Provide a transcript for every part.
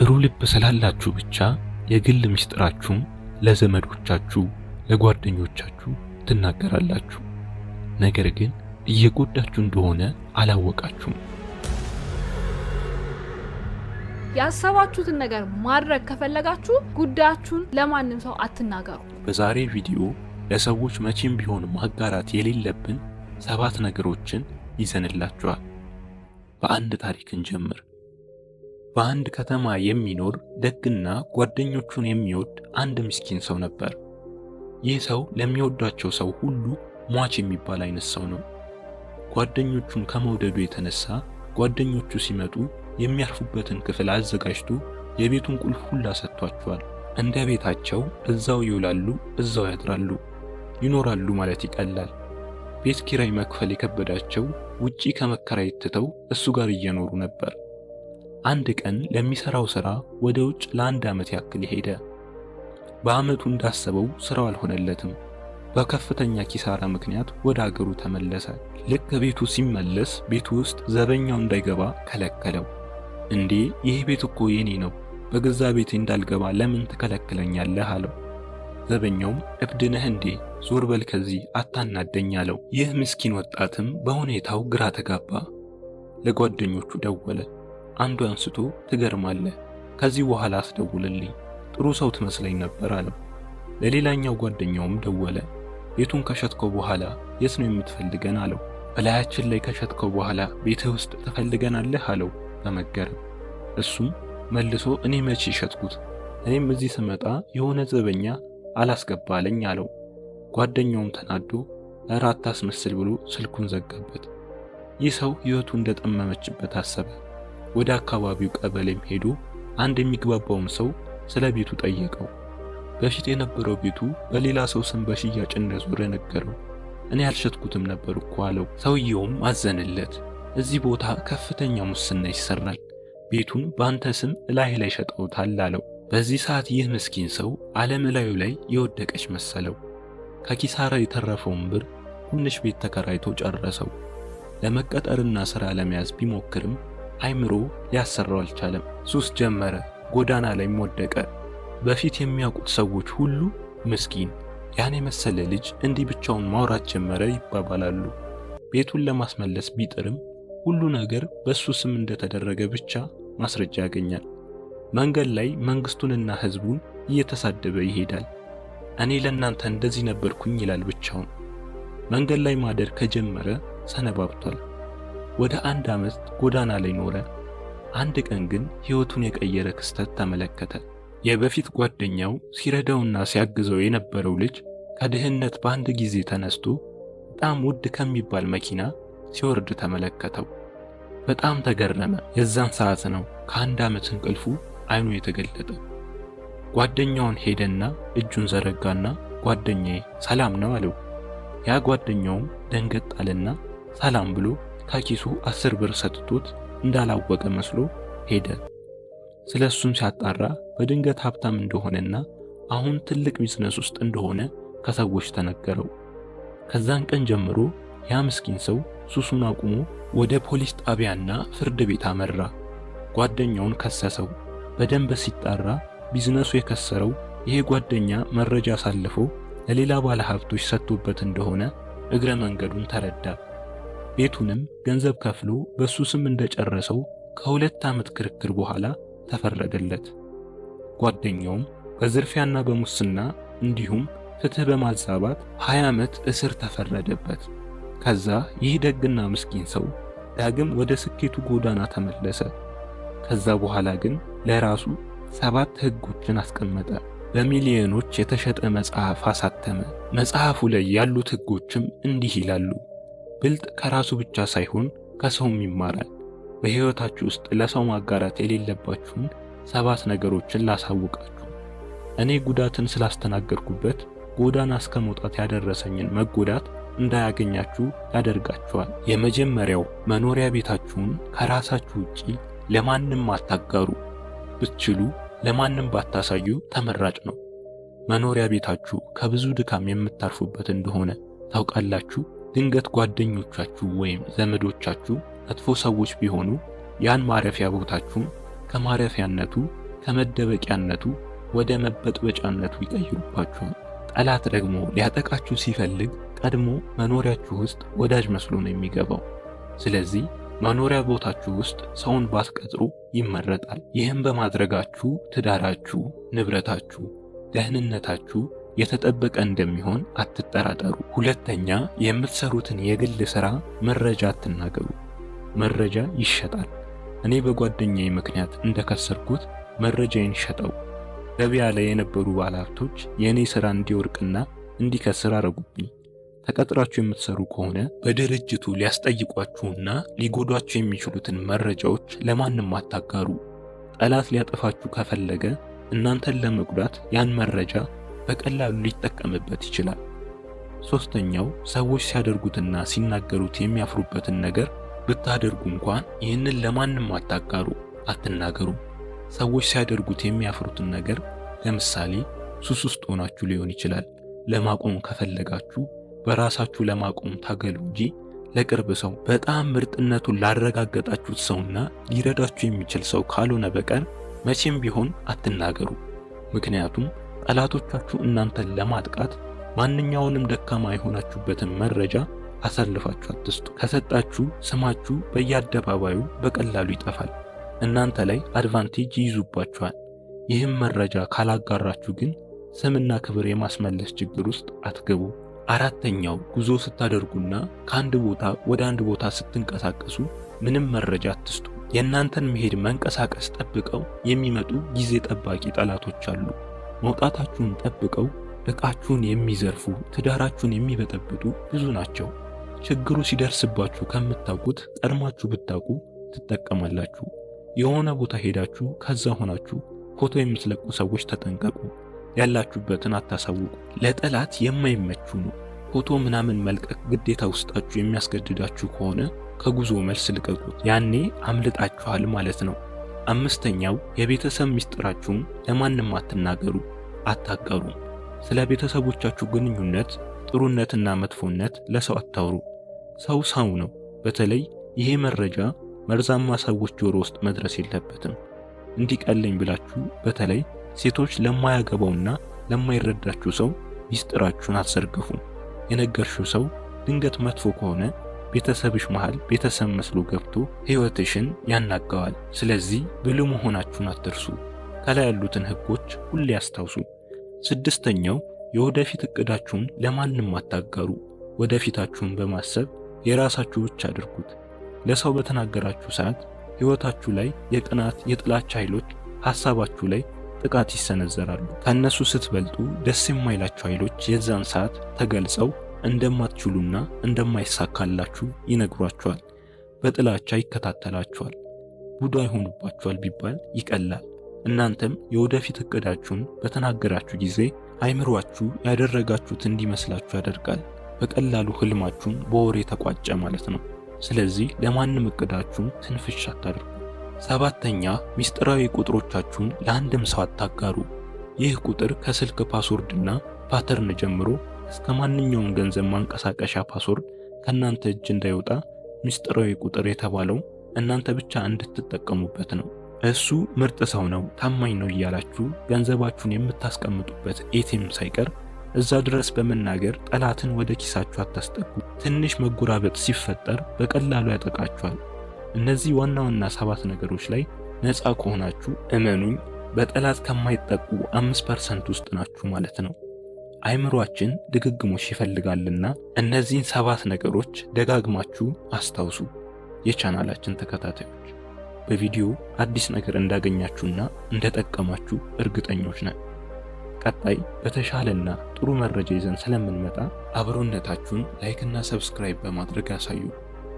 ጥሩ ልብ ስላላችሁ ብቻ የግል ምስጥራችሁ ለዘመዶቻችሁ፣ ለጓደኞቻችሁ ትናገራላችሁ። ነገር ግን እየጎዳችሁ እንደሆነ አላወቃችሁም። ያሰባችሁትን ነገር ማድረግ ከፈለጋችሁ ጉዳያችሁን ለማንም ሰው አትናገሩ። በዛሬ ቪዲዮ ለሰዎች መቼም ቢሆን ማጋራት የሌለብን ሰባት ነገሮችን ይዘንላችኋል። በአንድ ታሪክን ጀምር። በአንድ ከተማ የሚኖር ደግና ጓደኞቹን የሚወድ አንድ ምስኪን ሰው ነበር። ይህ ሰው ለሚወዳቸው ሰው ሁሉ ሟች የሚባል አይነት ሰው ነው። ጓደኞቹን ከመውደዱ የተነሳ ጓደኞቹ ሲመጡ የሚያርፉበትን ክፍል አዘጋጅቶ የቤቱን ቁልፍ ሁላ ሰጥቷቸዋል። እንደ ቤታቸው እዛው ይውላሉ፣ እዛው ያድራሉ፣ ይኖራሉ ማለት ይቀላል። ቤት ኪራይ መክፈል የከበዳቸው ውጪ ከመከራየት ትተው እሱ ጋር እየኖሩ ነበር። አንድ ቀን ለሚሰራው ስራ ወደ ውጭ ለአንድ ዓመት ያክል ሄደ። በዓመቱ እንዳሰበው ስራው አልሆነለትም። በከፍተኛ ኪሳራ ምክንያት ወደ አገሩ ተመለሰ። ልክ ከቤቱ ሲመለስ ቤቱ ውስጥ ዘበኛው እንዳይገባ ከለከለው። እንዴ ይህ ቤት እኮ የኔ ነው፣ በገዛ ቤቴ እንዳልገባ ለምን ትከለክለኛለህ? አለው። ዘበኛውም እብድ ነህ እንዴ? ዞር በል ከዚህ አታናደኝ አለው። ይህ ምስኪን ወጣትም በሁኔታው ግራ ተጋባ። ለጓደኞቹ ደወለ። አንዱ አንስቶ ትገርማለህ፣ ከዚህ በኋላ አስደውልልኝ፣ ጥሩ ሰው ትመስለኝ ነበር አለው። ለሌላኛው ጓደኛውም ደወለ። ቤቱን ከሸጥከው በኋላ የት ነው የምትፈልገን አለው። በላያችን ላይ ከሸጥከው በኋላ ቤትህ ውስጥ ትፈልገናለህ አለው በመገረም። እሱም መልሶ እኔ መቼ ሸጥኩት? እኔም እዚህ ስመጣ የሆነ ዘበኛ አላስገባለኝ አለው። ጓደኛውም ተናዶ እረ አታስመስል ብሎ ስልኩን ዘጋበት። ይህ ሰው ሕይወቱ እንደጠመመችበት አሰበ። ወደ አካባቢው ቀበሌም ሄዶ አንድ የሚግባባውን ሰው ስለ ቤቱ ጠየቀው። በፊት የነበረው ቤቱ በሌላ ሰው ስም በሽያጭ እንደዞረ ነገረው። እኔ ያልሸጥኩትም ነበር እኮ አለው። ሰውየውም አዘንለት። እዚህ ቦታ ከፍተኛ ሙስና ይሰራል፣ ቤቱን በአንተ ስም እላይ ላይ ሸጠውታል አለው። በዚህ ሰዓት ይህ ምስኪን ሰው ዓለም እላዩ ላይ የወደቀች መሰለው። ከኪሳራ የተረፈውን ብር ትንሽ ቤት ተከራይቶ ጨረሰው። ለመቀጠርና ሥራ ለመያዝ ቢሞክርም አይምሮ ሊያሰራው አልቻለም። ሱስ ጀመረ፣ ጎዳና ላይም ወደቀ። በፊት የሚያውቁት ሰዎች ሁሉ ምስኪን ያን የመሰለ ልጅ እንዲህ ብቻውን ማውራት ጀመረ ይባባላሉ። ቤቱን ለማስመለስ ቢጥርም ሁሉ ነገር በሱ ስም እንደተደረገ ብቻ ማስረጃ ያገኛል። መንገድ ላይ መንግስቱንና ህዝቡን እየተሳደበ ይሄዳል። እኔ ለእናንተ እንደዚህ ነበርኩኝ ይላል ብቻውን። መንገድ ላይ ማደር ከጀመረ ሰነባብቷል። ወደ አንድ ዓመት ጎዳና ላይ ኖረ። አንድ ቀን ግን ሕይወቱን የቀየረ ክስተት ተመለከተ። የበፊት ጓደኛው ሲረዳውና ሲያግዘው የነበረው ልጅ ከድህነት በአንድ ጊዜ ተነስቶ በጣም ውድ ከሚባል መኪና ሲወርድ ተመለከተው። በጣም ተገረመ። የዛን ሰዓት ነው ከአንድ ዓመት እንቅልፉ አይኑ የተገለጠ። ጓደኛውን ሄደና እጁን ዘረጋና ጓደኛዬ ሰላም ነው አለው። ያ ጓደኛውም ደንገጥ አለና ሰላም ብሎ ከኪሱ አስር ብር ሰጥቶት እንዳላወቀ መስሎ ሄደ። ስለ እሱም ሲያጣራ በድንገት ሀብታም እንደሆነና አሁን ትልቅ ቢዝነስ ውስጥ እንደሆነ ከሰዎች ተነገረው። ከዛን ቀን ጀምሮ ያ ምስኪን ሰው ሱሱን አቁሞ ወደ ፖሊስ ጣቢያና ፍርድ ቤት አመራ። ጓደኛውን ከሰሰው። በደንብ ሲጣራ ቢዝነሱ የከሰረው ይሄ ጓደኛ መረጃ አሳልፎ ለሌላ ባለሀብቶች ሰጥቶበት እንደሆነ እግረ መንገዱን ተረዳ። ቤቱንም ገንዘብ ከፍሎ በሱ ስም እንደጨረሰው ከሁለት ዓመት ክርክር በኋላ ተፈረደለት። ጓደኛውም በዝርፊያና በሙስና እንዲሁም ፍትህ በማዛባት 20 ዓመት እስር ተፈረደበት። ከዛ ይህ ደግና ምስኪን ሰው ዳግም ወደ ስኬቱ ጎዳና ተመለሰ። ከዛ በኋላ ግን ለራሱ ሰባት ህጎችን አስቀመጠ። በሚሊዮኖች የተሸጠ መጽሐፍ አሳተመ። መጽሐፉ ላይ ያሉት ህጎችም እንዲህ ይላሉ። ብልጥ ከራሱ ብቻ ሳይሆን ከሰውም ይማራል። በሕይወታችሁ ውስጥ ለሰው ማጋራት የሌለባችሁን ሰባት ነገሮችን ላሳውቃችሁ። እኔ ጉዳትን ስላስተናገድኩበት ጎዳና እስከ መውጣት ያደረሰኝን መጎዳት እንዳያገኛችሁ ያደርጋችኋል። የመጀመሪያው መኖሪያ ቤታችሁን ከራሳችሁ ውጪ ለማንም አታጋሩ። ብትችሉ ለማንም ባታሳዩ ተመራጭ ነው። መኖሪያ ቤታችሁ ከብዙ ድካም የምታርፉበት እንደሆነ ታውቃላችሁ። ድንገት ጓደኞቻችሁ ወይም ዘመዶቻችሁ መጥፎ ሰዎች ቢሆኑ ያን ማረፊያ ቦታችሁን ከማረፊያነቱ ከመደበቂያነቱ ወደ መበጥበጫነቱ ይቀይሩባችኋል። ጠላት ደግሞ ሊያጠቃችሁ ሲፈልግ ቀድሞ መኖሪያችሁ ውስጥ ወዳጅ መስሎ ነው የሚገባው። ስለዚህ መኖሪያ ቦታችሁ ውስጥ ሰውን ባትቀጥሩ ይመረጣል። ይህም በማድረጋችሁ ትዳራችሁ፣ ንብረታችሁ፣ ደህንነታችሁ የተጠበቀ እንደሚሆን አትጠራጠሩ። ሁለተኛ የምትሰሩትን የግል ስራ መረጃ አትናገሩ። መረጃ ይሸጣል። እኔ በጓደኛዬ ምክንያት እንደከሰርኩት መረጃዬን ሸጠው። ገበያ ላይ የነበሩ ባለሀብቶች የእኔ ስራ እንዲወርቅና እንዲከስር አረጉብኝ። ተቀጥራችሁ የምትሰሩ ከሆነ በድርጅቱ ሊያስጠይቋችሁና ሊጎዷችሁ የሚችሉትን መረጃዎች ለማንም አታጋሩ። ጠላት ሊያጠፋችሁ ከፈለገ እናንተን ለመጉዳት ያን መረጃ በቀላሉ ሊጠቀምበት ይችላል። ሶስተኛው ሰዎች ሲያደርጉትና ሲናገሩት የሚያፍሩበትን ነገር ብታደርጉ እንኳን ይህንን ለማንም አታጋሩ፣ አትናገሩ። ሰዎች ሲያደርጉት የሚያፍሩትን ነገር ለምሳሌ ሱስ ውስጥ ሆናችሁ ሊሆን ይችላል። ለማቆም ከፈለጋችሁ በራሳችሁ ለማቆም ታገሉ እንጂ ለቅርብ ሰው በጣም ምርጥነቱን ላረጋገጣችሁት ሰውና ሊረዳችሁ የሚችል ሰው ካልሆነ በቀር መቼም ቢሆን አትናገሩ። ምክንያቱም ጠላቶቻችሁ እናንተን ለማጥቃት ማንኛውንም ደካማ የሆናችሁበትን መረጃ አሳልፋችሁ አትስጡ። ከሰጣችሁ ስማችሁ በየአደባባዩ በቀላሉ ይጠፋል፣ እናንተ ላይ አድቫንቴጅ ይይዙባችኋል። ይህም መረጃ ካላጋራችሁ ግን ስምና ክብር የማስመለስ ችግር ውስጥ አትገቡ። አራተኛው ጉዞ ስታደርጉና ከአንድ ቦታ ወደ አንድ ቦታ ስትንቀሳቀሱ ምንም መረጃ አትስጡ። የእናንተን መሄድ መንቀሳቀስ ጠብቀው የሚመጡ ጊዜ ጠባቂ ጠላቶች አሉ። መውጣታችሁን ጠብቀው ዕቃችሁን የሚዘርፉ ትዳራችሁን የሚበጠብጡ ብዙ ናቸው። ችግሩ ሲደርስባችሁ ከምታውቁት ቀድማችሁ ብታውቁ ትጠቀማላችሁ። የሆነ ቦታ ሄዳችሁ ከዛ ሆናችሁ ፎቶ የምትለቁ ሰዎች ተጠንቀቁ። ያላችሁበትን አታሳውቁ። ለጠላት የማይመቹ ነው። ፎቶ ምናምን መልቀቅ ግዴታ ውስጣችሁ የሚያስገድዳችሁ ከሆነ ከጉዞ መልስ ልቀቁት። ያኔ አምልጣችኋል ማለት ነው። አምስተኛው የቤተሰብ ሚስጥራችሁን ለማንም አትናገሩ፣ አታጋሩ። ስለ ቤተሰቦቻችሁ ግንኙነት ጥሩነትና መጥፎነት ለሰው አታውሩ። ሰው ሰው ነው። በተለይ ይሄ መረጃ መርዛማ ሰዎች ጆሮ ውስጥ መድረስ የለበትም። እንዲቀለኝ ብላችሁ በተለይ ሴቶች ለማያገባውና ለማይረዳችሁ ሰው ሚስጥራችሁን አትዘርግፉ። የነገርሽው ሰው ድንገት መጥፎ ከሆነ ቤተሰብሽ መሃል ቤተሰብ መስሎ ገብቶ ህይወትሽን ያናጋዋል። ስለዚህ ብሉ መሆናችሁን አትርሱ። ከላይ ያሉትን ህጎች ሁሌ ያስታውሱ። ስድስተኛው የወደፊት እቅዳችሁን ለማንም አታጋሩ። ወደፊታችሁን በማሰብ የራሳችሁ ብቻ አድርጉት። ለሰው በተናገራችሁ ሰዓት ህይወታችሁ ላይ የቅናት የጥላቻ ኃይሎች ሐሳባችሁ ላይ ጥቃት ይሰነዘራሉ። ከእነሱ ስትበልጡ ደስ የማይላቸው ኃይሎች የዛን ሰዓት ተገልጸው እንደማትችሉና እንደማይሳካላችሁ ይነግሯችኋል። በጥላቻ ይከታተላችኋል። ቡዳ ይሆኑባችኋል ቢባል ይቀላል። እናንተም የወደፊት እቅዳችሁን በተናገራችሁ ጊዜ አይምሯችሁ ያደረጋችሁት እንዲመስላችሁ ያደርጋል። በቀላሉ ህልማችሁን በወሬ ተቋጨ ማለት ነው። ስለዚህ ለማንም እቅዳችሁን ትንፍሽ አታድርጉ። ሰባተኛ ሚስጥራዊ ቁጥሮቻችሁን ለአንድም ሰው አታጋሩ። ይህ ቁጥር ከስልክ ፓስወርድና ፓተርን ጀምሮ እስከ ማንኛውም ገንዘብ ማንቀሳቀሻ ፓስወርድ ከእናንተ እጅ እንዳይወጣ ሚስጥራዊ ቁጥር የተባለው እናንተ ብቻ እንድትጠቀሙበት ነው። እሱ ምርጥ ሰው ነው፣ ታማኝ ነው እያላችሁ ገንዘባችሁን የምታስቀምጡበት ኤቲኤም ሳይቀር እዛ ድረስ በመናገር ጠላትን ወደ ኪሳችሁ አታስጠጉ። ትንሽ መጎራበጥ ሲፈጠር በቀላሉ ያጠቃችኋል። እነዚህ ዋና ዋና ሰባት ነገሮች ላይ ነፃ ከሆናችሁ እመኑኝ በጠላት ከማይጠቁ አምስት ፐርሰንት ውስጥ ናችሁ ማለት ነው። አይምሯችን ድግግሞሽ ይፈልጋልና እነዚህን ሰባት ነገሮች ደጋግማችሁ አስታውሱ። የቻናላችን ተከታታዮች በቪዲዮ አዲስ ነገር እንዳገኛችሁና እንደጠቀማችሁ እርግጠኞች ነን። ቀጣይ በተሻለና ጥሩ መረጃ ይዘን ስለምንመጣ አብሮነታችሁን ላይክና ሰብስክራይብ በማድረግ ያሳዩ።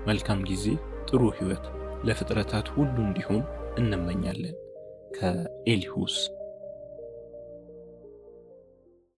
መልካም ጊዜ፣ ጥሩ ህይወት ለፍጥረታት ሁሉ እንዲሆን እንመኛለን። ከኤሊሁስ